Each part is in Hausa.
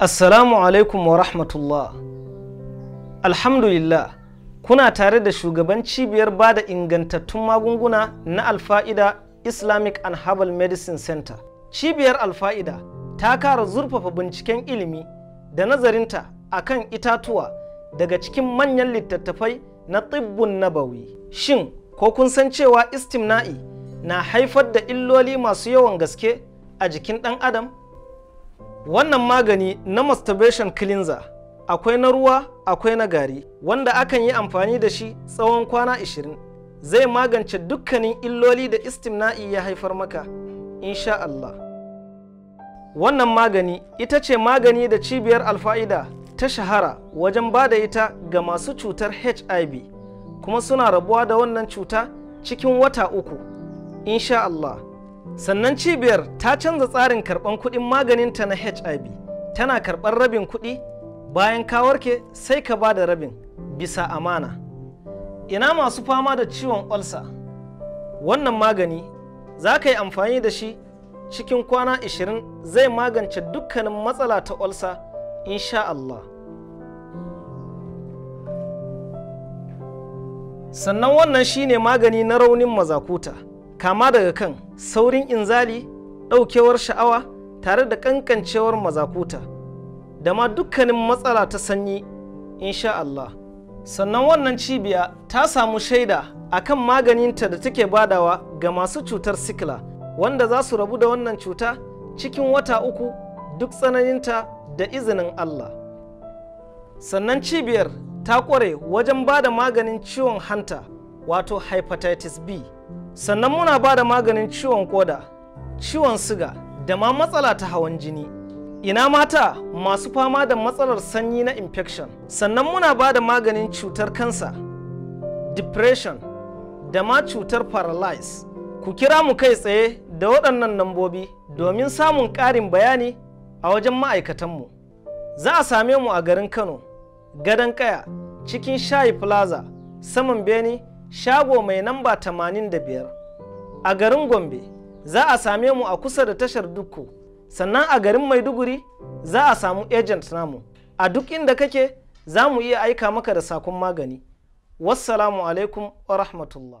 Assalamu alaikum wa rahmatullah. Alhamdulillah, kuna tare da shugaban cibiyar ba da ingantattun magunguna na Alfa'ida Islamic and Herbal Medicine Center. Cibiyar Alfa'ida ta kara zurfafa binciken ilimi da nazarinta a kan itatuwa daga cikin manyan littattafai na tibbun nabawi. Shin, ko kun san cewa istimna'i na haifar da illoli masu yawan gaske a jikin ɗan adam? wannan magani na masturbation cleanser akwai na ruwa akwai na gari wanda akan yi amfani da shi tsawon kwana 20 zai magance dukkanin illoli da istimna'i ya haifar maka insha Allah wannan magani ita ce magani da cibiyar alfa'ida ta shahara wajen ba da ita ga masu cutar HIV kuma suna rabuwa da wannan cuta cikin wata uku insha Allah sannan cibiyar ta canza tsarin karɓan kuɗin maganinta na hiv tana karɓar rabin kuɗi bayan ka warke sai ka ba da rabin bisa amana ina masu fama da ciwon olsa wannan magani za ka yi amfani da shi cikin kwana 20 zai magance dukkanin matsala ta olsa insha Allah sannan wannan shine magani na raunin mazakuta kama daga kan saurin inzali ɗaukewar sha'awa tare da ƙanƙancewar mazakuta da ma dukkanin matsala ta sanyi insha Allah sannan wannan cibiya ta samu shaida a kan maganinta da take badawa ga masu cutar sikila wanda za su rabu da wannan cuta cikin wata uku duk tsananinta da izinin Allah sannan cibiyar ta ƙware wajen bada maganin ciwon hanta wato hepatitis B sannan muna ba da maganin ciwon koda ciwon siga da ma matsala ta hawan jini ina mata masu fama da matsalar sanyi na infection sannan muna ba da maganin cutar kansa depression da ma cutar paralyze ku kira mu kai tsaye da waɗannan nambobi domin samun ƙarin bayani a wajen ma'aikatanmu za a same mu a garin kano gadon ƙaya, cikin shayi plaza saman beni shago mai namba 85 a garin Gombe za a same mu a kusa da tashar Dukku sannan a garin Maiduguri za a samu agent namu a duk inda kake za mu iya aika maka da sakon magani wassalamu alaikum wa rahmatullah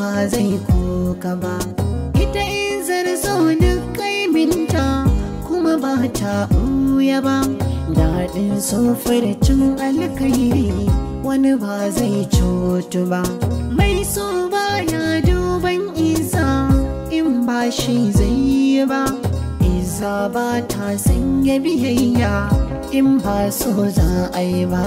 ba zai kuka ba ita in zarzo na kai minta kuma ba ta ɓuya ba daɗin cin alkairi wani ba zai cutu ba mai so ba ya duban isa in ba shi zai yi ba isa ba ta sanya biyayya in ba so za a yi ba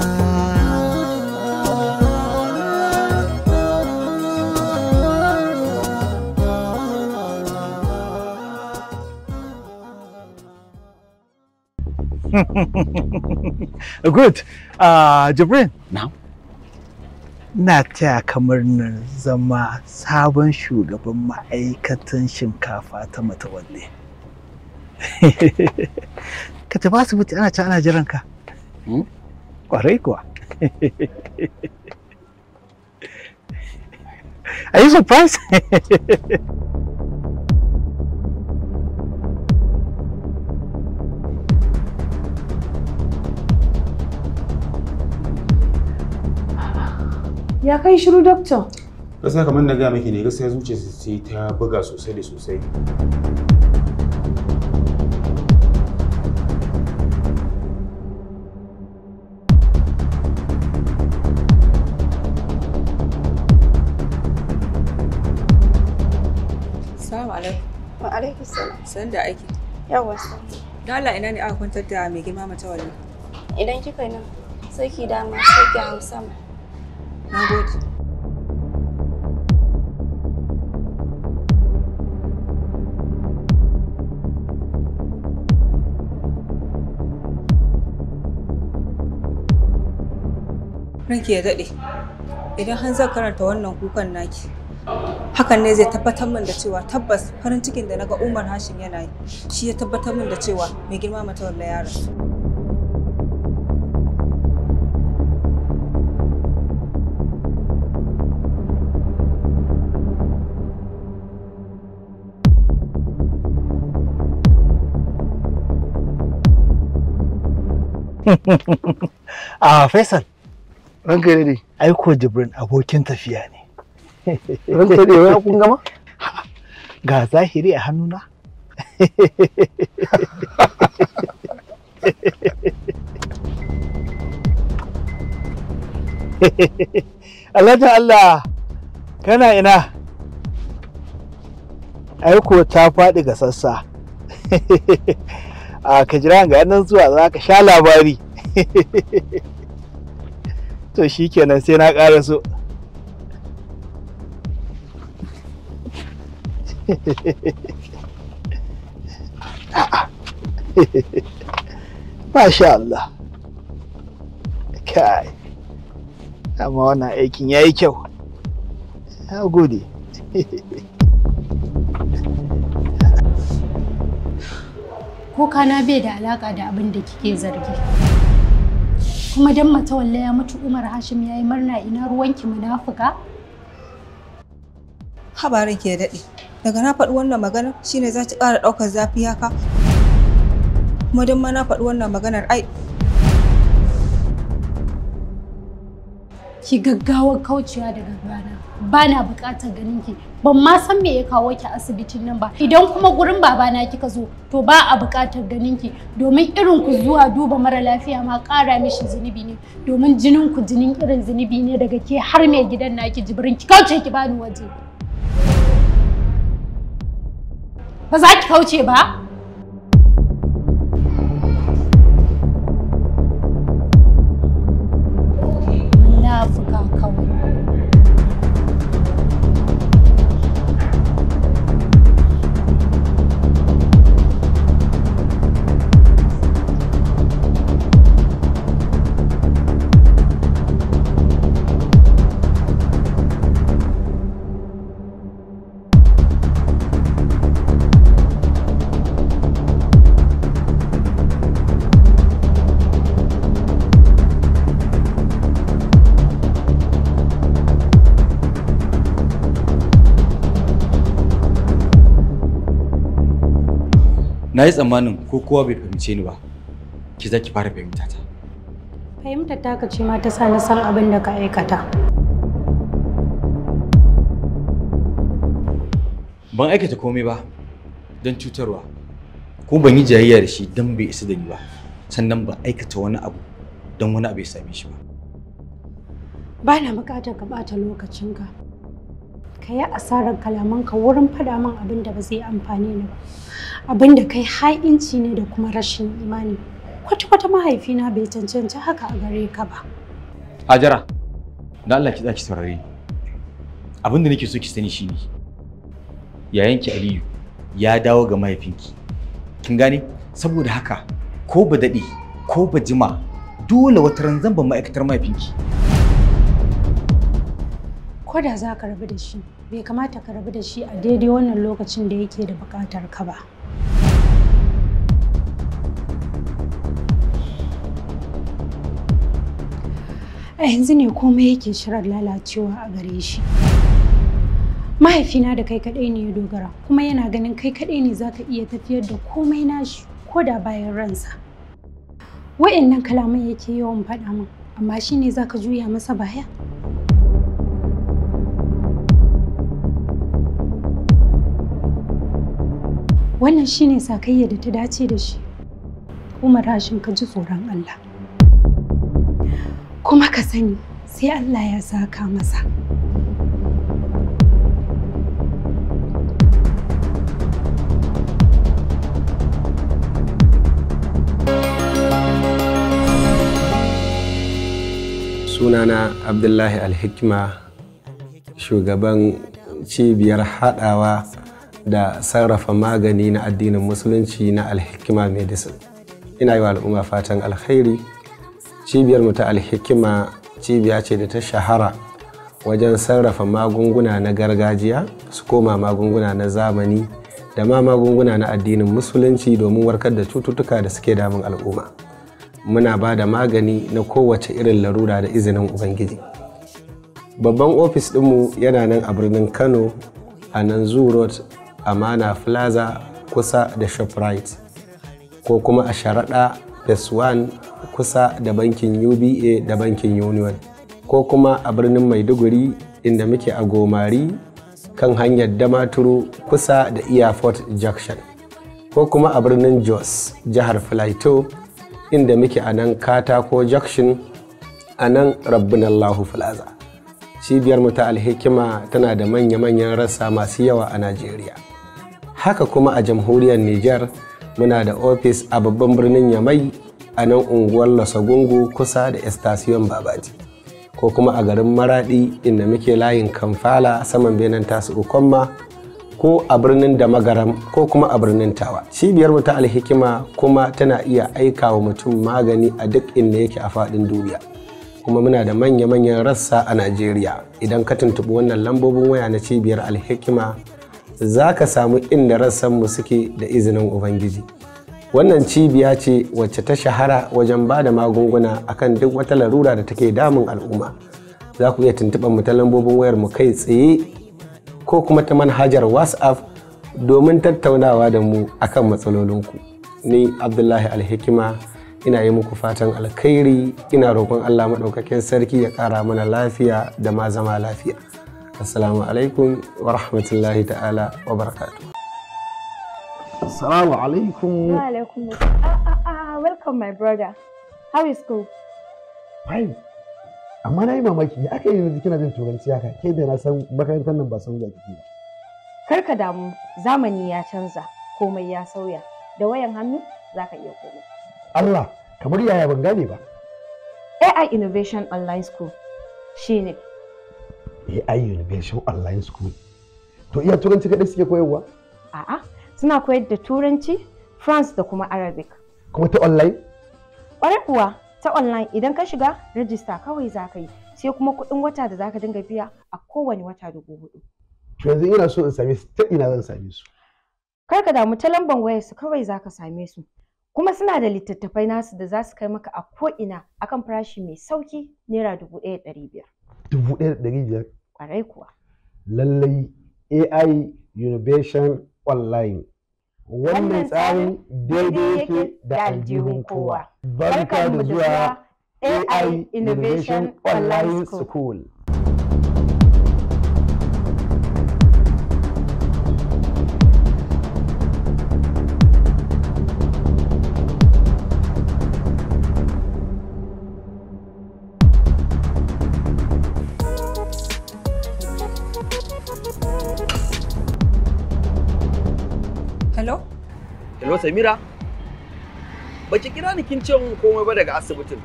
Good. Uh, Jibrin. Now. Ina taya kamar na zama sabon shugaban ma'aikatan shinkafa ta matawalle. ka tafi asibiti ana can ana jiran ka. Hmm? Kwarai kuwa. Are you surprised? Ya kai shiru doctor? Gaskiya kamar na gaya miki ne gaskiya zuciya sai ta buga sosai da sosai. Assalamu alaikum. Wa alaikum salam. San da aiki. Yawwa san. Dala ina ne aka kwantar da mai girma mata wani? Idan kika nan sai ki dama sai ki hausa sama. Na gut. ranki ya daɗe idan har zan karanta wannan kukan naki hakan ne zai tabbatar min da cewa tabbas farin cikin da naga umar hashim yana yi shi ya tabbatar min da cewa mai girma mata wallah ya rasu a ah, faisal ranka ne dai aiko jibrin abokin tafiya ne ranka ne wai kun gama ga zahiri a hannuna Allah ta Allah kana ina aiko ta faɗi ga sassa a ah, ka jira ga nan zuwa za ka sha labari to shi kenan sai na ƙara so Masha Allah kai amma wannan aikin ya yi kyau na gode kuka na bai da alaƙa da abin da kike zargi kuma dan matawalla ya mutu Umar Hashim ya yi murna ina ruwan ruwanki munafuka? Habarin ke daɗe. Daga na faɗi wannan maganar shine za ki ƙara ɗaukar zafi haka. Kuma dan ma na faɗi wannan maganar ai ki gaggawar kaucewa daga rana. ba na buƙatar ganin ki ban ma san me ya kawo ki asibitin nan ba idan kuma gurin babana kika zo to ba a bukatar ganin ki domin irin ku zuwa duba mara lafiya ma kara mishi zunubi ne domin jinin ku jinin irin zunubi ne daga ke har mai gidan naki jibrin ki kauce ki bani waje ba za ki kauce ba na yi tsammanin ko kowa bai fahimce ni ba ki za ki fara fahimta ta fahimtar ta ce ma ta sa na san abin da ka aikata ban aikata komai ba don cutarwa ko ban yi jayayya da shi don bai isa da ni ba sannan ban aikata wani abu don wani abu ya same shi ba ba na bukatar ka bata lokacinka ka yi asarar kalamanka wurin faɗa min abin da ba zai amfane ni ba abin da kai ha'inci ne da kuma rashin imani kwata-kwata mahaifina bai cancanci haka a gare ka ba ajara da Allah ki za saurare abin da nake so ki sani shine yayanki Aliyu ya dawo ga mahaifinki kin gane saboda haka ko ba daɗe ko ba jima dole wata ranzan ba ma'aikatar mahaifinki ko da za ka rabu da shi bai kamata ka rabu da shi a daidai wannan lokacin da yake da buƙatar ka ba. a yanzu ne komai yake shirar lalacewa a gare shi mahaifina da kai kaɗai ne ya dogara kuma yana ganin kai kaɗai ne za ka iya tafiyar da komai nashi ko da bayan ransa nan kalaman yake yawan faɗa min amma shi ne za ka juya masa baya Wannan shine sakayya da ta dace da shi. Umar rashin ka ji tsoron Allah. Kuma ka sani sai Allah ya saka masa. sunana abdullahi alhikma shugaban cibiyar haɗawa da sarrafa magani na addinin musulunci na alhikima medicine ina yi wa al'umma fatan alkhairi cibiyarmu ta alhikima cibiya ce da ta shahara wajen sarrafa magunguna na gargajiya su koma magunguna na zamani da ma magunguna na addinin musulunci domin warkar da cututtuka da suke damun al'umma muna ba da magani na kowace irin larura da izinin ubangiji babban ofis ɗinmu yana nan a birnin kano a nan zoo amana plaza kusa da shoprite ko kuma a sharaɗa da swan kusa da bankin uba da bankin union ko kuma a birnin maiduguri inda muke a gomari kan hanyar damaturu kusa da airport junction ko kuma a birnin jos jihar filaito inda muke a nan katako junction a nan rabbinallahu plaza cibiyarmu ta alhikima tana da manya-manyan rassa masu yawa a najeriya haka kuma a jamhuriyar Nijar muna da ofis a babban birnin Yamai a nan unguwar Lasagungu kusa da Estasiyon Babaji ko kuma a garin Maradi inda muke layin Kamfala saman benin tasu ukomma ko a birnin da ko kuma a birnin tawa cibiyar mu ta alhikima kuma tana iya aika wa mutum magani a duk inda yake a faɗin duniya kuma muna da manya-manyan rassa a najeriya idan ka tuntuɓi wannan lambobin waya na cibiyar alhikima za ka samu inda rassanmu suke da izinin ubangiji wannan cibiya ce wacce ta shahara wajen ba da magunguna akan duk wata larura da take damun al'umma za ku iya tuntuɓar mu ta lambobin wayar mu kai tsaye ko kuma ta manhajar whatsapp domin tattaunawa da mu akan matsalolinku ni abdullahi alhikima ina yi muku fatan alkhairi ina roƙon allah maɗaukakin sarki ya ƙara mana lafiya da ma zama lafiya Assalamu alaikum wa rahmatullahi ta'ala wa barakatu. Assalamu alaikum. Wa alaikum. Ah, ah, ah, welcome my brother. How is school? Fine. Amma na yi mamaki ya aka yi yanzu kina jin turanci haka ke da na san makarantar nan ba san za kike ba. Kar ka damu zamani ya canza komai ya sauya da wayan hannu za ka iya komai. Allah kamar yaya ban gane ba. AI Innovation Online School shine AI Universal Online School. To iya turanci kaɗai suke koyarwa? A'a, suna koyar da turanci, France da kuma Arabic. Kuma ta online? Ƙwarai kuwa ta online idan ka shiga rijista kawai za ka yi, sai kuma kuɗin wata da za ka dinga biya a kowane wata dubu hudu. To yanzu ina so in same su ta ina zan same su. Kar ka damu ta lambar wayarsu, su kawai za ka same su. Kuma suna da littattafai nasu da za su kai maka a ko'ina akan farashi mai sauki naira dubu ɗaya ɗari biyar. dubu ɗaya da ɗari biyar lallai ai innovation online wannan tsarin daidai yake da aljihun kowa barka da zuwa ai innovation online school Hello Samira, ba ki kira ni kin ce mun komai ba daga asibitin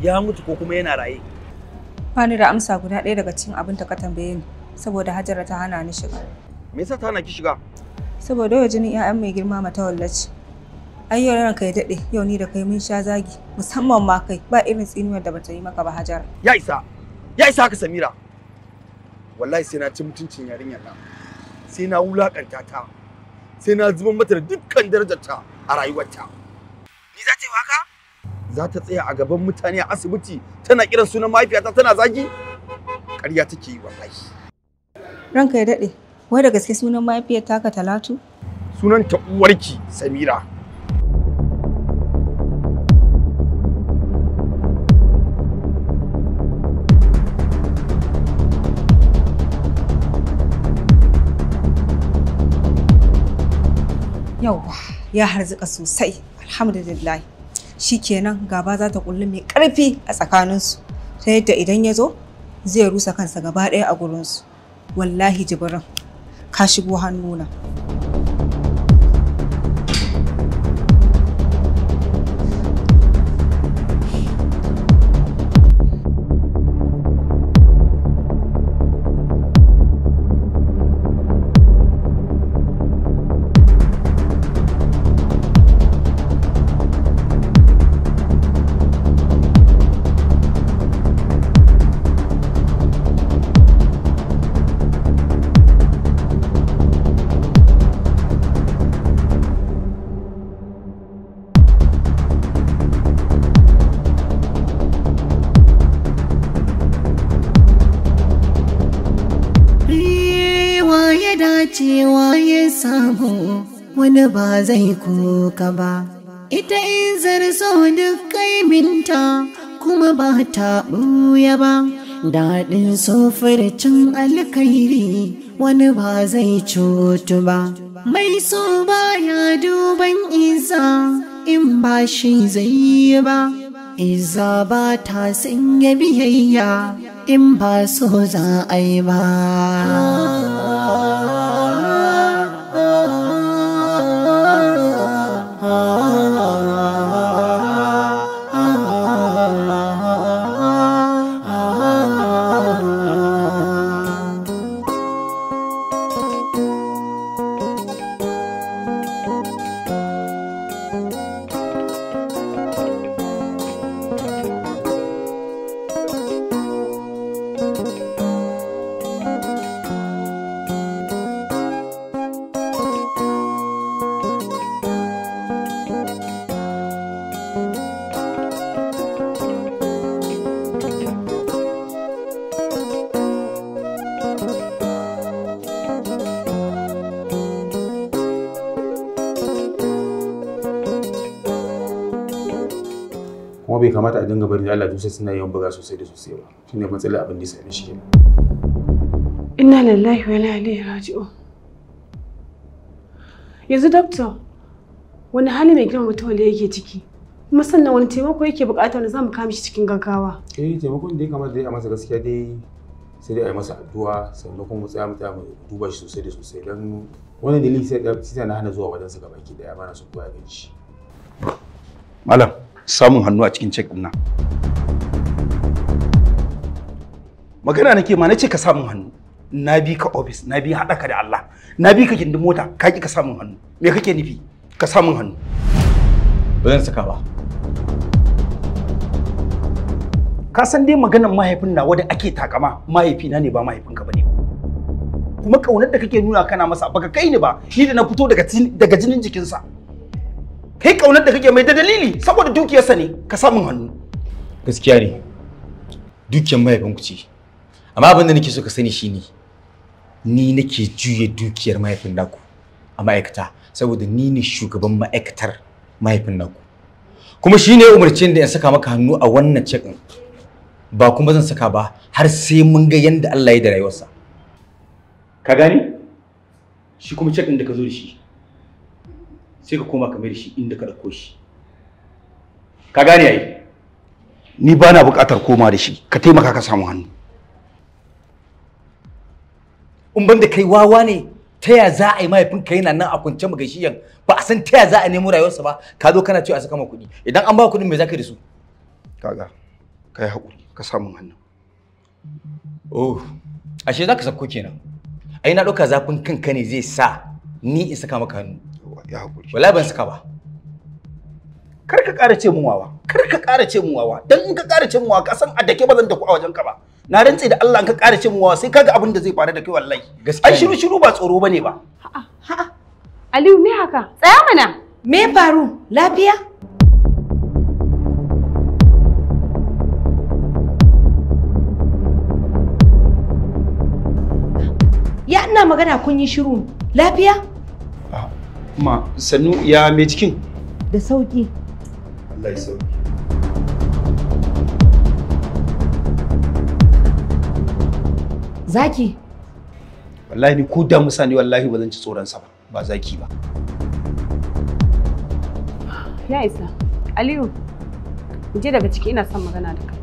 ya mutu ko kuma yana raye. Ba ni da amsa guda ɗaya daga cikin abin ta ka tambaye ni saboda Hajara ta hana ni shiga. Me yasa ta hana ki shiga? Saboda yau jinin 'ya'yan mai girma mata wallace. Ai yau ranka ya daɗe yau ni da kai mun sha zagi musamman ma kai ba irin tsinuwar da bata yi maka ba Hajara. Ya isa, ya isa haka Samira. Wallahi sai na ci mutuncin yarinyar nan. Sai na wulakanta ta. sai na zuba mata da dukkan darajarta a rayuwarta ni za ta yi za ta tsaya a gaban mutane a asibiti tana kiran sunan mahaifiyata tana zagi ƙarya take yi wallahi ranka ya daɗe wai da gaske sunan mahaifiyata ka talatu sunanta uwarki samira Yauwa, ya harzuka sosai, alhamdulillah. Shikenan gaba za ta kulli mai ƙarfi a tsakaninsu, ta yadda idan ya zo zai rusa kansa gaba ɗaya a gurinsu. Wallahi jibirin, ka shigo hannuna. cewa ya samu wani ba zai kuka ba. Ita izar so duk kaiminta kuma ba ta ɓuya ba, daɗin cin alkairi wani ba zai cutu ba. Mai so ba ya duban isa in ba shi zai yi ba, iza ba ta sanya biyayya in ba so za a yi ba. bai kamata a dinga barin Allah dusa suna yawan buga sosai da sosai ba shine matsalar abin da sai shi kenan inna lillahi wa inna ilaihi raji'un yanzu doctor wani hali mai girma mutum da yake ciki kuma sannan wani taimako yake bukata wanda zamu kama shi cikin gaggawa eh taimakon da ya kamata dai a masa gaskiya dai sai dai a yi masa addu'a sannan kuma tsaya mu tsaya mu duba shi sosai da sosai dan wani dalili sai na hana zuwa wajen sa gabaki daya bana so kowa ya shi malam samun hannu a cikin cek nan magana nake ma na ce ka samun hannu na bi ka ofis, na bi haɗaka da Allah na bi ka gindin mota ka ƙi ka samun hannu me kake nufi ka samun hannu ba zan saka ba ka san dai maganar mahaifin nawa da ake takama mahaifina ne ba mahaifinka ne. kuma ƙaunar da kake nuna kana masa baka kai ni ba ni da na fito daga jinin jikinsa kai kaunar da kake mai da dalili saboda dukiyarsa ne ka samun hannu gaskiya ne dukiyar mahaifinku ce amma abin da nake so ka sani shine ni nake juye dukiyar mahaifin naku a ma'aikata saboda ni ne shugaban ma'aikatar mahaifin naku kuma shine umarci da in saka maka hannu a wannan cikin ba kuma zan saka ba har sai mun ga yanda Allah ya da rayuwarsa ka gani shi kuma cikin da ka zo da shi sai ka koma ka shi inda ka ɗauko shi ka gane yayi ni ba na buƙatar koma da shi ka taimaka ka samu hannu in ban da kai wawa ne ta ya za a yi mahaifinka yana nan a kwance magashiyan ba a san ta ya za a nemo rayuwarsa ba ka zo kana cewa a saka ma kuɗi idan an ba kuɗin me za ka da su kaga ka yi haƙuri ka samu hannu oh ashe za ka sako kenan ai na ɗauka zafin kanka ne zai sa ni in saka maka hannu ya haƙuri wallahi ban saka ba kar ka ƙara ce wawa kar ka ƙara ce wawa dan in ka ƙara ce wawa ka san a dake ba zan daku a wajen ka ba na rantse da Allah in ka ƙara ce wawa sai kaga abin da zai faru da kai wallahi ai shiru shiru ba tsoro bane ba a'a Aliyu me haka tsaya mana me faru lafiya ya ina magana kun yi shiru lafiya kuma sannu ya mai cikin da sauki Allah ya sauki zaki wallahi ni ko da musa ne wallahi ba zan ci tsoron sa ba ba zaki ba ya isa aliyu je daga ciki ina son magana da kai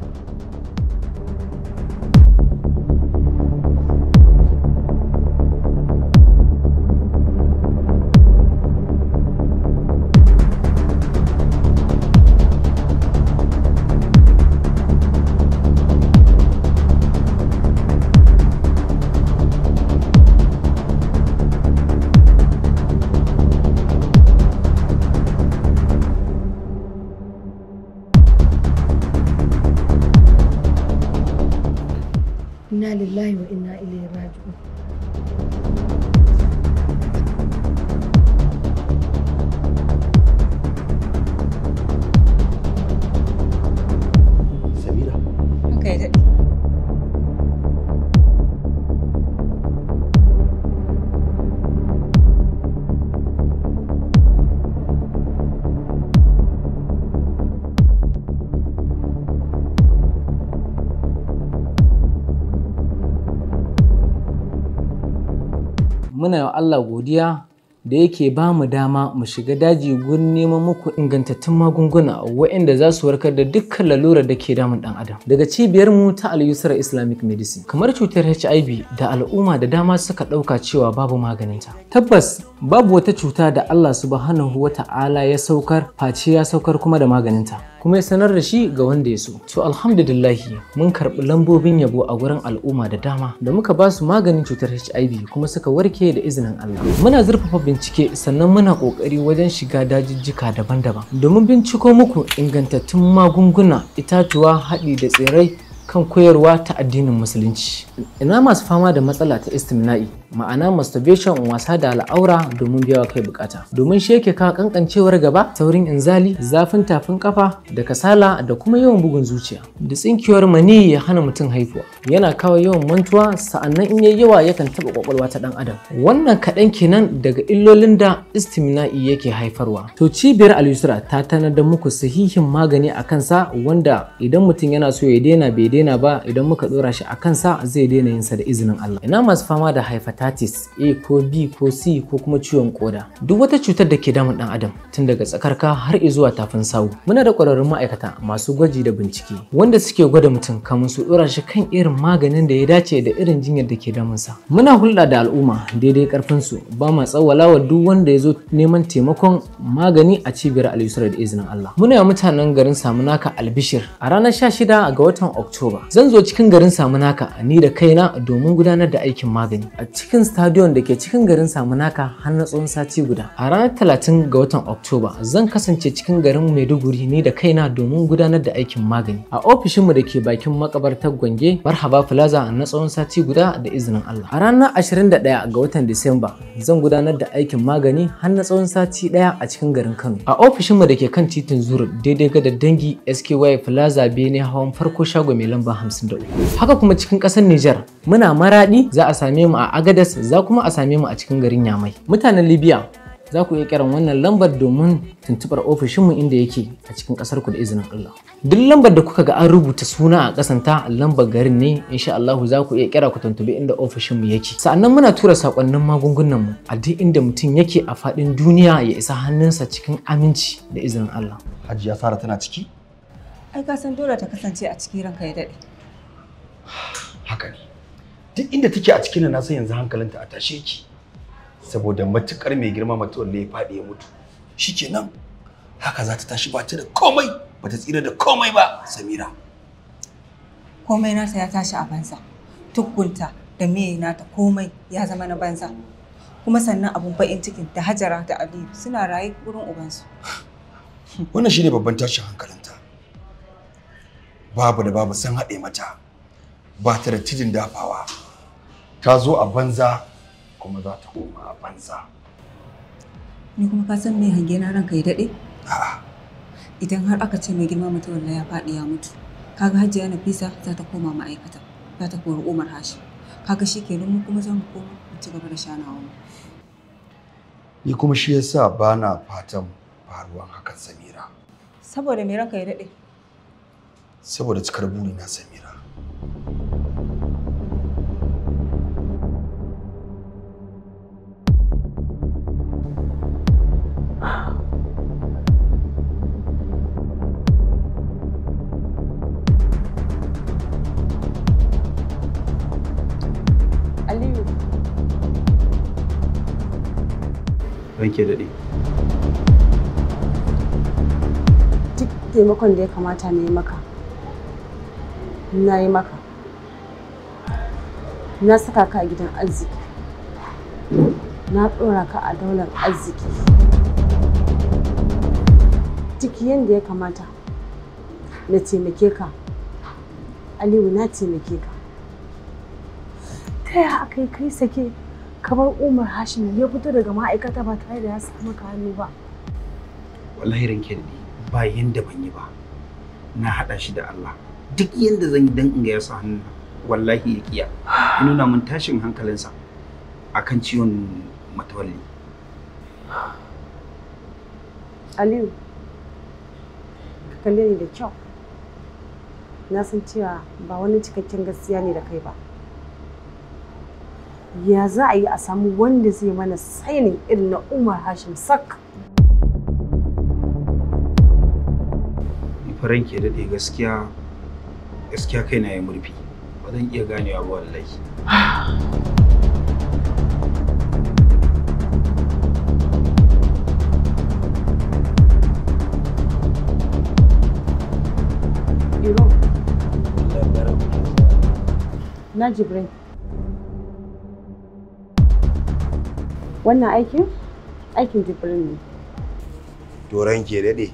muna wa Allah godiya da yake ba mu dama mu shiga daji gurin neman muku ingantattun magunguna waɗanda za su warkar da dukkan lalurar da ke damun ɗan adam daga cibiyar mu ta al islamic medicine kamar cutar hiv da al'umma da dama suka ɗauka cewa babu maganinta tabbas babu wata cuta da Allah subhanahu wa ta'ala ya saukar face ya saukar kuma da maganinta kuma ya sanar da shi ga wanda ya so to alhamdulillahi mun karɓi lambobin yabo a gurin al'umma da dama da muka ba su maganin cutar HIV kuma suka warke da izinin Allah muna zurfafa bincike sannan muna ƙoƙari wajen shiga dajijjika daban-daban domin binciko muku ingantattun magunguna itatuwa haɗi da tsirai kan koyarwa ta addinin musulunci ina masu fama da matsala ta istimna'i ma'ana masturbation wasa da al'aura domin biyawa kai bukata domin shi yake kawo kankancewar gaba taurin inzali zafin tafin kafa da kasala da kuma yawan bugun zuciya da tsinkiyar mani ya hana mutum haifuwa yana kawo yawan mantuwa sa'annan in yayi yawa yakan taba kwakwalwa ta dan adam wannan kaɗan kenan daga illolin da istimna'i yake haifarwa to cibiyar al-yusra ta tanar da muku sahihin magani a kansa wanda idan mutum yana so ya daina bai daina ba idan muka dora shi a kansa zai daina yinsa da izinin Allah ina masu fama da haifata hepatitis A ko B ko C ko kuma ciwon koda. Duk wata cutar da ke damun ɗan adam tun daga tsakarka har zuwa tafin sawu. Muna da ƙwararrun ma'aikata masu gwaji da bincike wanda suke gwada mutum kamun su ɗora shi kan irin maganin da ya dace da irin jinyar da ke damunsa. Muna hulɗa da al'umma daidai ƙarfin su ba ma tsawala duk wanda ya zo neman taimakon magani a cibiyar Al-Yusra da izinin Allah. Muna mutanen garin Samunaka Albishir a ranar 16 ga watan Oktoba. Zan zo cikin garin Samunaka ni da kaina domin gudanar da aikin magani a cikin stadion da ke cikin garin Samunaka har na tsawon sati guda. A ranar 30 ga watan Oktoba zan kasance cikin garin Maiduguri ne da kaina domin gudanar da aikin magani. A ofishinmu da ke bakin makabartar Gwange, Marhaba Plaza na tsawon sati guda da izinin Allah. A ranar 21 ga watan Disamba zan gudanar da aikin magani har na tsawon sati ɗaya a cikin garin Kano. A ofishinmu da ke kan titin Zuru daidai ga dangi SKY Plaza Bene hawan farko shago mai lamba 53. Haka kuma cikin ƙasar Nijar muna maraɗi za a same mu a Agad Agadez za kuma a same mu a cikin garin Yamai. Mutanen Libya za ku iya kiran wannan lambar domin tuntubar ofishinmu inda yake a cikin kasar ku da izinin Allah. Duk lambar da kuka ga an rubuta suna a ta lambar garin ne insha Allah za ku iya kira ku tuntubi inda ofishinmu yake. Sa'annan muna tura sakonnin magungunan mu a duk inda mutum yake a fadin duniya ya isa hannunsa cikin aminci da izinin Allah. Hajiya Sara tana ciki? Ai ka san dole ta kasance a cikin ranka ya dade. Haka ne. duk inda take a cikin na san yanzu hankalinta a tashe ki saboda matukar mai girma mutuwar wanda ya faɗi ya mutu shikenan haka za ta tashi ba ta da komai ba ta tsira da komai ba samira komai nata ya tashi a banza tukunta da meye nata komai ya zama na banza kuma sannan abun ba'in cikin da hajara da aliyu suna raye wurin ubansu wannan shine babban tashin hankalinta babu da babu san haɗe mata ba ta da tijin dafawa ta zo a banza kuma za ta koma a banza ni kuma ka san me hange na ranka ya daɗe? a'a idan har aka ce mai girma mutum ya faɗi ya mutu kaga hajiya nafisa za ta koma ma'aikata za ta kori umar hashi kaga shi ke mu kuma zan koma mu ci gaba da shanawa mu ni kuma shi yasa ba na fatan faruwan hakan samira saboda me ranka ya daɗe. saboda cikar na samira ranke daɗe. Duk taimakon da ya kamata na yi maka, na yi maka. Na saka ka a gidan arziki, na ɗora ka a daular arziki. Duk yadda ya kamata na taimake ka, Aliyu na taimake ka. Ta yaya aka yi kai sake? kamar Umar Hashim ya fito daga ma'aikata ba tare da ya samu hannu ba. Wallahi ranke daɗi ba yanda ban yi ba. Na hada shi da Allah. Duk yanda zan yi dan in ga ya sa hannu wallahi ya kiya. Ya nuna min tashin hankalinsa akan ciwon matawalli. Aliyu, ka kalle ni da kyau. Na san cewa ba wani cikakken gaskiya ne da kai ba. ya za a yi a samu wanda zai mana sainin irin na umar hashim sak farin ke daɗe gaskiya gaskiya kai na ya murfi ba zan iya ganewa ba wallahi Na Jibrin, Wannan aikin? Aikin Jibril ne. Doron ke daɗe,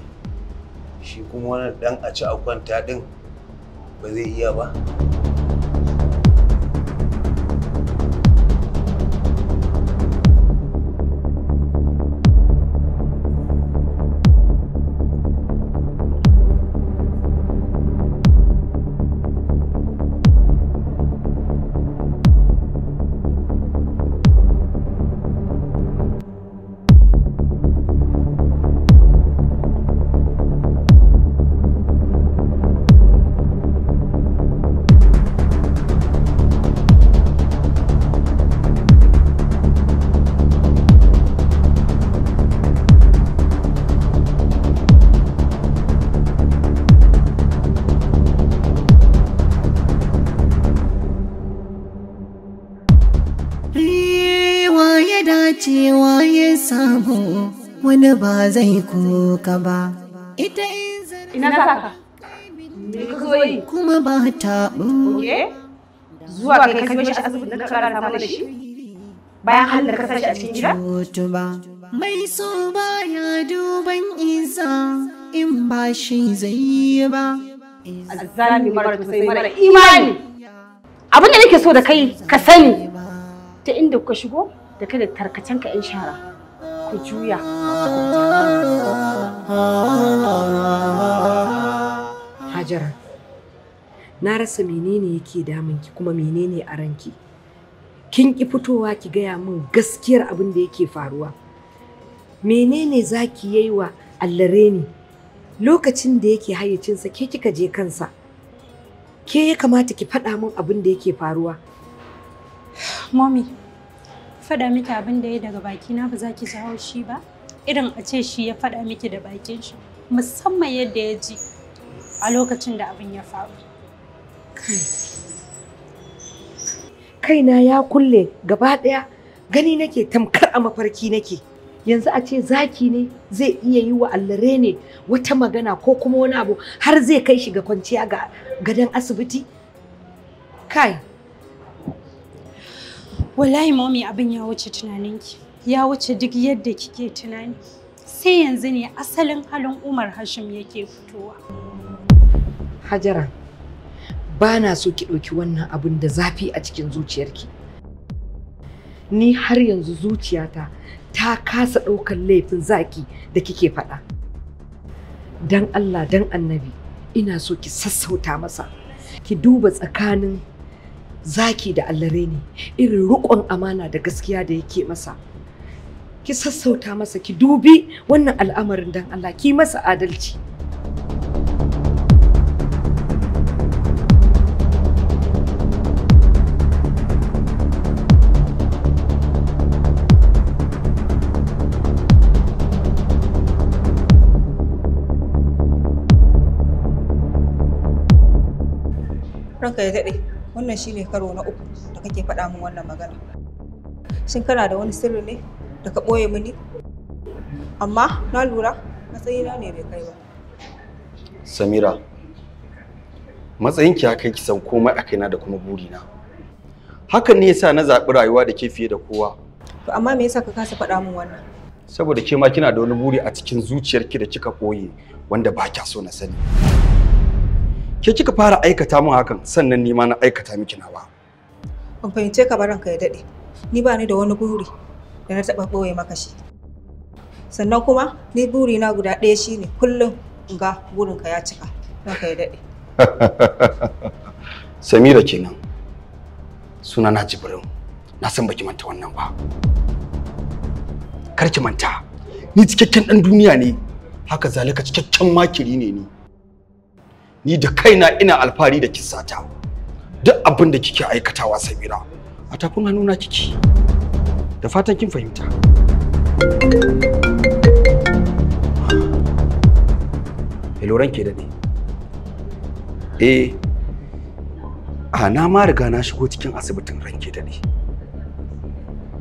shi kuma wani ɗan a ci a kwanta ɗin ba zai iya ba. ya samu wani ba zai kuka ba. Ita ina saka. Kuma ba ta Zuwa kai ka kai shi asibiti na kara sama da shi. Bayan halin da ka sashi a cikin gida? Mai so ba ya duban isa in ba shi zai yi ba. Azzami mara tusai mara imani. Abin da nake so da kai ka sani ta inda kuka shigo da kada da tarkacen ka 'yan shara ku juya hajara na rasa menene yake damunki kuma menene a ranki kin ki fitowa ki gaya min gaskiyar abin da yake faruwa menene za ki yi wa allare ne lokacin da yake hayyacinsa ke kika je kansa ke ya kamata ki faɗa min abin da yake faruwa mommy faɗa miki abin da ya daga baki na ba za ki ji haushi ba irin a ce shi ya faɗa miki da bakin shi musamman yadda ya ji a lokacin da abin ya faru kaina ya kulle gaba ɗaya gani nake tamkar a mafarki nake yanzu a ce zaki ne zai iya yi wa allare ne wata magana ko kuma wani abu har zai kai shi ga kwanciya ga gadon asibiti kai Wallahi mami abin ya wuce tunaninki. Ya wuce duk yadda kike tunani. Sai yanzu ne asalin halin Umar Hashim yake fitowa. Hajara, ba na so ki ɗauki wannan abin da zafi a cikin zuciyarki. Ni har yanzu zuciyata ta kasa ɗaukar laifin zaki da kike faɗa. Dan Allah, dan annabi, ina so ki sassauta masa. Ki duba tsakanin zaki da allare ne irin rukun amana da gaskiya da yake masa ki sassauta masa ki dubi wannan al'amarin dan Allah ki masa adalci ranka ya daɗe wannan shine karo na uku da kake faɗa min wannan magana shin kana da wani sirri ne da ka ɓoye mini amma na lura matsayina ne bai kai ba samira matsayinki ya kai ki san komai a kaina da kuma burina hakan ne yasa na zaɓi rayuwa da ke fiye da kowa to amma me yasa ka kasa faɗa min wannan saboda ke ma kina da wani buri a cikin zuciyarki da kika ɓoye wanda ba kya so na sani ke kika fara aikata min hakan sannan ni ma na aikata miki nawa ban fahimce ka baran ka ya dade ni ba ni da wani buri da na taba boye maka shi sannan kuma ni buri na guda ɗaya shine kullum ga burin ka ya cika ka ya dade Samira kenan suna na Jibrin na san baki manta wannan ba kar manta ni cikakken dan duniya ne haka zalika cikakken makiri ne ni ni da kaina ina alfahari da ta duk abin da kike aikatawa Samira. a tafin hannuna kike da fatan kin fahimta Heloran ke daɗe. Eh, a na ma riga na shigo cikin asibitin ranke daɗe.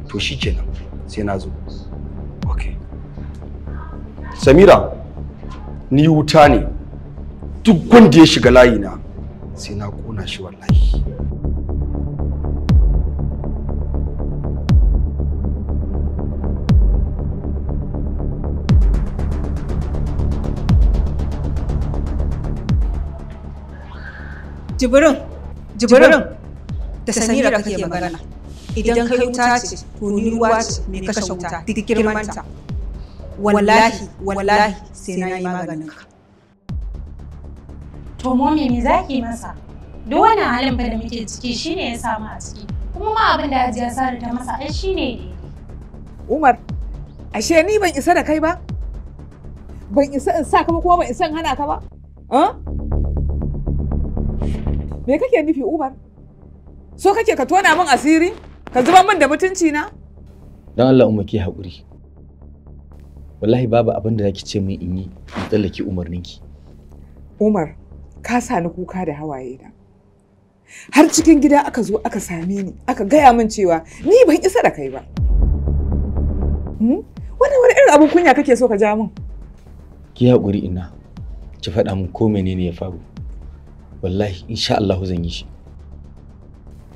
To shi kenan sai na zo. Okay. Samira, ni wuta ne. duk wanda ya shiga layina sai na kona shi wallahi Jibirin, jibirin, da Samira kake magana. Idan kai wuta ce, to ni ruwa ce mai kashe wuta, duk girmanta. Wallahi, wallahi sai na yi maganin ka. to mu me zaki masa duk wannan halin fa da muke ciki shine ya samu a ciki kuma ma abin da Hajiya Sara ta masa ai shine ne Umar ashe ni ban isa da kai ba ban isa in sa kuma ba kuma ban isa in hana ka ba me kake nufi Umar so kake ka tona min asiri ka zuba min da mutunci na don Allah umma ki haƙuri wallahi babu abin da zaki ce min in yi in tsallake umarninki Umar ka sa ni kuka da hawaye da har cikin gida aka zo aka same ni aka gaya min cewa ni ban isa da kai ba hmm? wannan wani irin abin kunya kake so ka ja min ki hakuri ina ki faɗa min ko menene ya faru wallahi insha Allah zan yi shi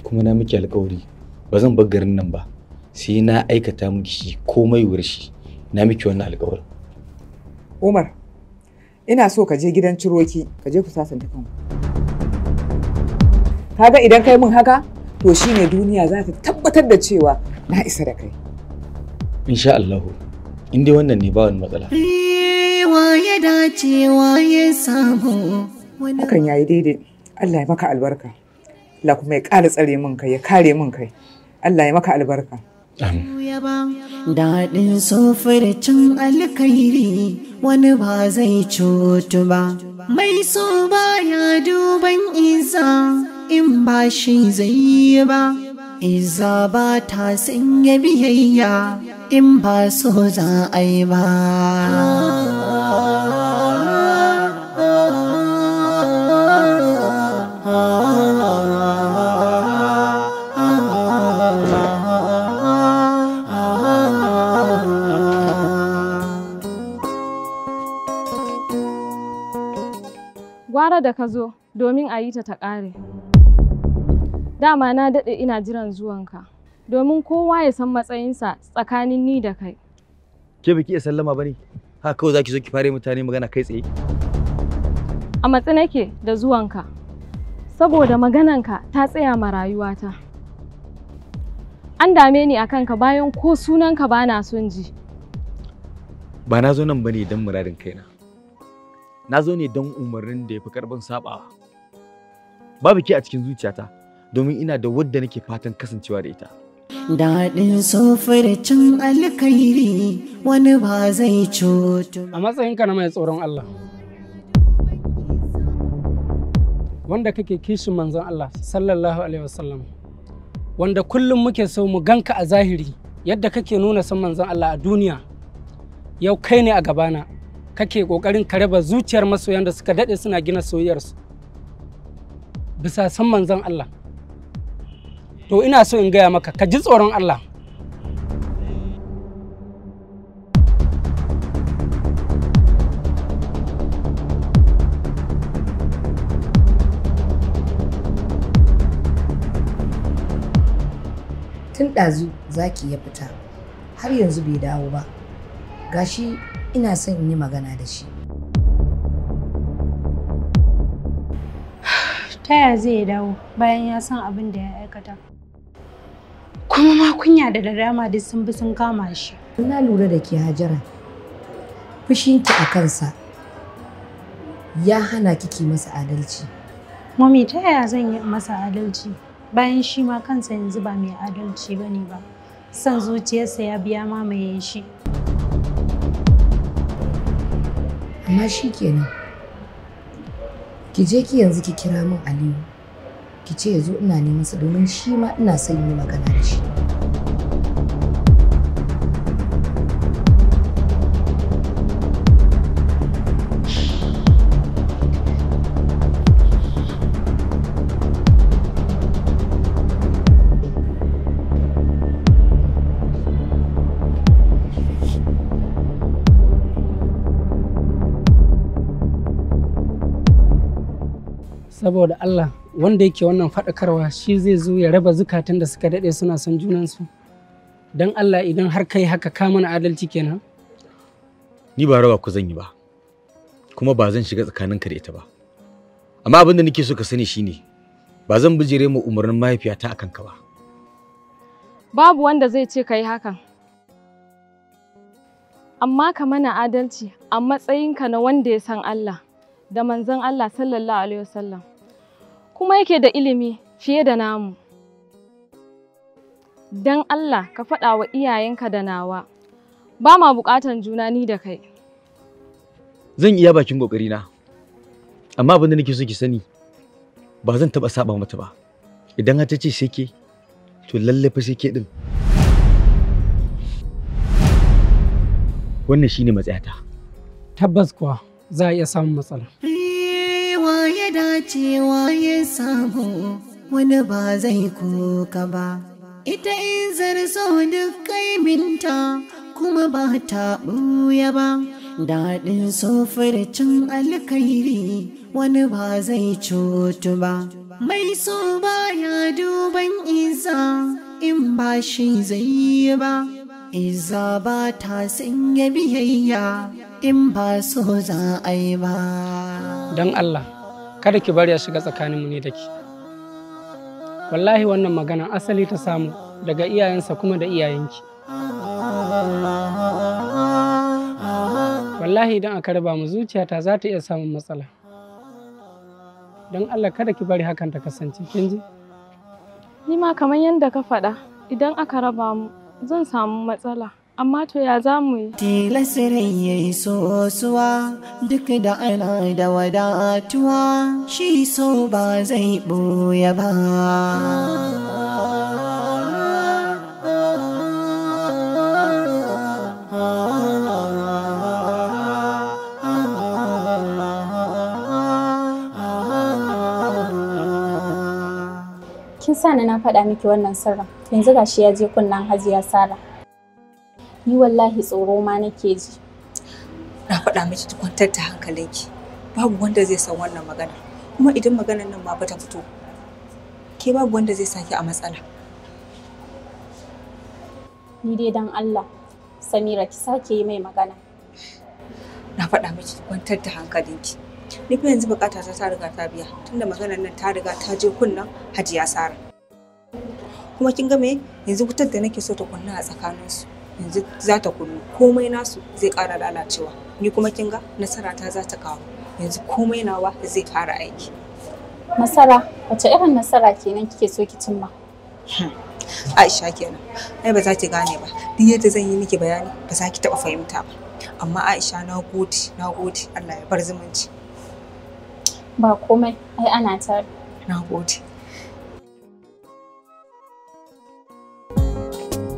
kuma na miki alƙawari ba zan bar garin nan ba sai na aikata miki shi komai wurshi na miki wannan alƙawarin Umar ina so ka je gidan ciroki ka je ku sasanta kanku kaga idan kai mun haka to shine duniya za ta tabbatar da cewa na isa da kai insha Allah in dai wannan ne ba wani matsala waye dace waye sabo hakan yayi daidai Allah ya maka albarka Allah kuma ya ƙara tsare min kai ya kare min kai Allah ya maka albarka Daɗin sofircin alkairi wani ba zai cutu ba. Mai so ya duban iza in ba shi zai yi ba. Iza ba ta sanya biyayya in ba so za a yi ba. kuma da ka zo domin a yi ta ta ƙare. Dama na daɗe ina jiran zuwanka domin kowa ya san matsayinsa tsakanin ni da kai. Ke biki iya sallama ba ne? Ha kawai za ki zo ki fare mutane magana kai tsaye? A matsi nake da zuwanka saboda magananka ta tsaya ma rayuwata. An dame ni a kanka bayan ko sunanka bana son ji. Ba na zo nan ba ne don muradin kaina. na zo ne don umarnin da ya fi karɓin sabawa babu ke a cikin zuciyata domin ina da wadda nake fatan kasancewa da ita daɗin cin alkairi wani ba zai cutu a matsayinka na mai tsoron Allah wanda kake kishin manzon Allah sallallahu alaihi wasallam wanda kullum muke so mu ganka a zahiri yadda kake nuna san manzon Allah a duniya yau kai ne a gabana kake kokarin ka raba zuciyar masoyan da suka dade suna gina soyayyarsu bisa san manzon Allah to ina so in gaya maka ka ji tsoron Allah tun ɗazu zaki ya fita har yanzu bai dawo ba gashi ina son in yi magana da shi taya zai dawo bayan ya san abin da ya aikata kuma ma kunya da dama duk sun bi sun kama shi na lura da ke hajara fushinki a kansa ya hana kiki masa adalci mami ta yaya zan yi masa adalci bayan shi ma kansa yanzu ba mai adalci bane ba son zuciyarsa ya biya mamaye shi amma shi kenan ki je ki yanzu ki kira min aliyu ki ce ya zo ina neman sa domin shi ma ina son yi magana da shi saboda Allah wanda yake wannan faɗakarwa shi zai zo ya raba zukatan da suka daɗe suna son junansu don Allah idan har kai haka ka mana adalci kenan ni ba raba ku zan yi ba kuma ba zan shiga ka da ita ba amma abin da nake so ka sani shine ba zan bijire mu umarnin mahaifiyata akan ka ba babu wanda zai ce kai hakan amma ka mana adalci a matsayinka na wanda ya san Allah da manzon Allah sallallahu alaihi wasallam kuma yake da ilimi fiye da namu. Don Allah ka faɗa wa iyayenka da nawa, ba ma buƙatan juna ni da kai. Zan iya bakin ƙoƙarina, amma abin da nake so ki sani ba zan taɓa saɓa mata ba. Idan har ta ce sai ke, to lallai fa sai ke ɗin. Wannan shi ne matsayata. Tabbas kuwa za a iya samun matsala. dacewa ya samu wani ba zai kuka ba. Ita in zarzo duk kaiminta kuma ba ta ɓuya ba, daɗin cin alkairi wani ba zai cutu ba. Mai so baya duban isa in ba shi zai yi ba, isa ba ta sanya biyayya in ba so za a yi ba. Don Allah. kada ki bari ya shiga tsakaninmu ne da ki wallahi wannan magana asali ta samu daga iyayensa kuma da iyayenki wallahi idan aka raba mu zuciyata za ta iya samun matsala don allah kada ki bari hakan ta kasance kin ji ni ma kamar yadda ka faɗa idan aka raba mu zan samu matsala amma to ya za mu yi. sirin ya yi sosuwa duk da ana da wadatuwa shi so ba zai ɓoye ba. Kin sani na faɗa miki wannan sirrin, yanzu shi ya je kunnen hajiya Sara. ni wallahi tsoro ma nake ji na faɗa miki ki kwantar da hankalinki babu wanda zai san wannan magana kuma idan maganar nan ma ba ta fito ke babu wanda zai saki a matsala ni dai dan Allah Samira ki sake yi mai magana na faɗa miki ki kwantar da hankalinki ni fa yanzu bukata ta ta riga ta biya tunda maganar nan ta riga ta je kunnan Hajiya Sara kuma kin ga me yanzu wutar da nake so ta kunna a tsakaninsu yanzu za ta kullu komai nasu zai ƙara lalacewa ni kuma kin ga nasara ta za ta kawo yanzu komai nawa zai fara aiki nasara wace irin nasara kenan kike so ki cimma hmm. Aisha kenan ai ba za ki gane ba duk yadda zan yi miki bayani ba za ki taɓa fahimta ba amma Aisha na gode na gode Allah ya bar zumunci ba komai ai ana tare na gode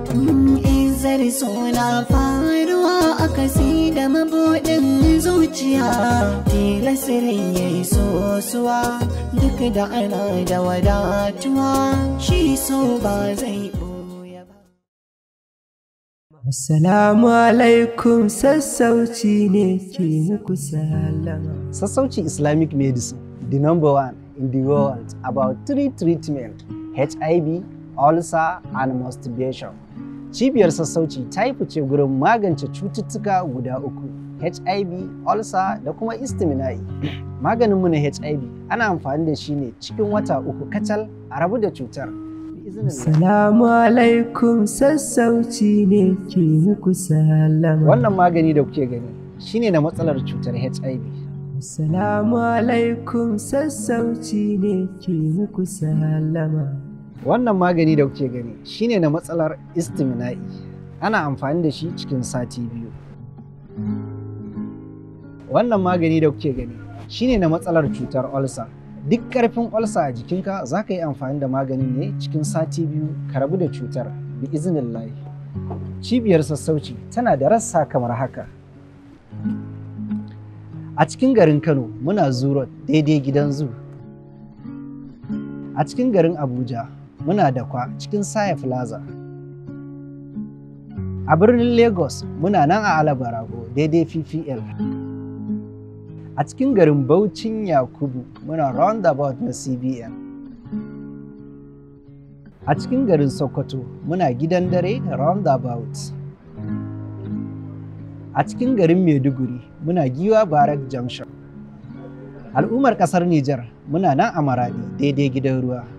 Mm-hmm. zarso na faruwa a kasi da mabuɗin zuciya tilasirin ya yi sosuwa duk da ana da wadatuwa shi so ba zai ɓoye ba. Assalamu alaikum sassauci ne ke muku salama. Sassauci Islamic medicine, the number one in the world about three treatment HIV, ulcer and masturbation. Cibiyar sassauci ta yi fice gurin magance cututtuka guda uku, HIV, ulcer da kuma istimina'i. Maganinmu na HIV ana amfani da shi ne cikin wata uku kacal a rabu da cutar. Salamu alaikum sassauci ne ke muku salama. Wannan magani da kuke gani shi ne na matsalar cutar HIV. Salamu alaikum sassauci ne ke muku salama. Wannan magani da kuke gani shine na matsalar istimina'i. Ana amfani da shi cikin sati biyu. Wannan magani da kuke gani shine na matsalar cutar olsa. Duk karfin olsa a jikinka za ka yi amfani da maganin ne cikin sati biyu ka rabu da cutar bi izinin lai Cibiyar sassauci tana da rassa kamar haka. A cikin garin Kano muna zuro daidai gidan zu. a cikin garin Abuja muna da kwa cikin Saya Plaza. A birnin Lagos muna nan a Alabarago daidai PPL. A cikin garin Baucin Yakubu muna roundabout na CBN. A cikin garin Sokoto muna gidan dare roundabout. A cikin garin Maiduguri muna giwa Barak Junction. Al'ummar ƙasar Nijar muna nan a Maradi daidai gidan ruwa.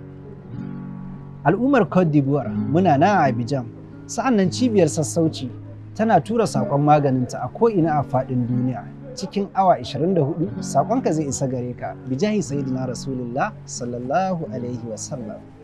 al'ummar cote d'ivoire muna na abidjan sa'annan cibiyar sassauci tana tura saƙon maganinta a ko'ina a faɗin duniya cikin awa 24 saƙonka zai isa gare ka bijahi sayyidina rasulullah sallallahu alaihi wasallam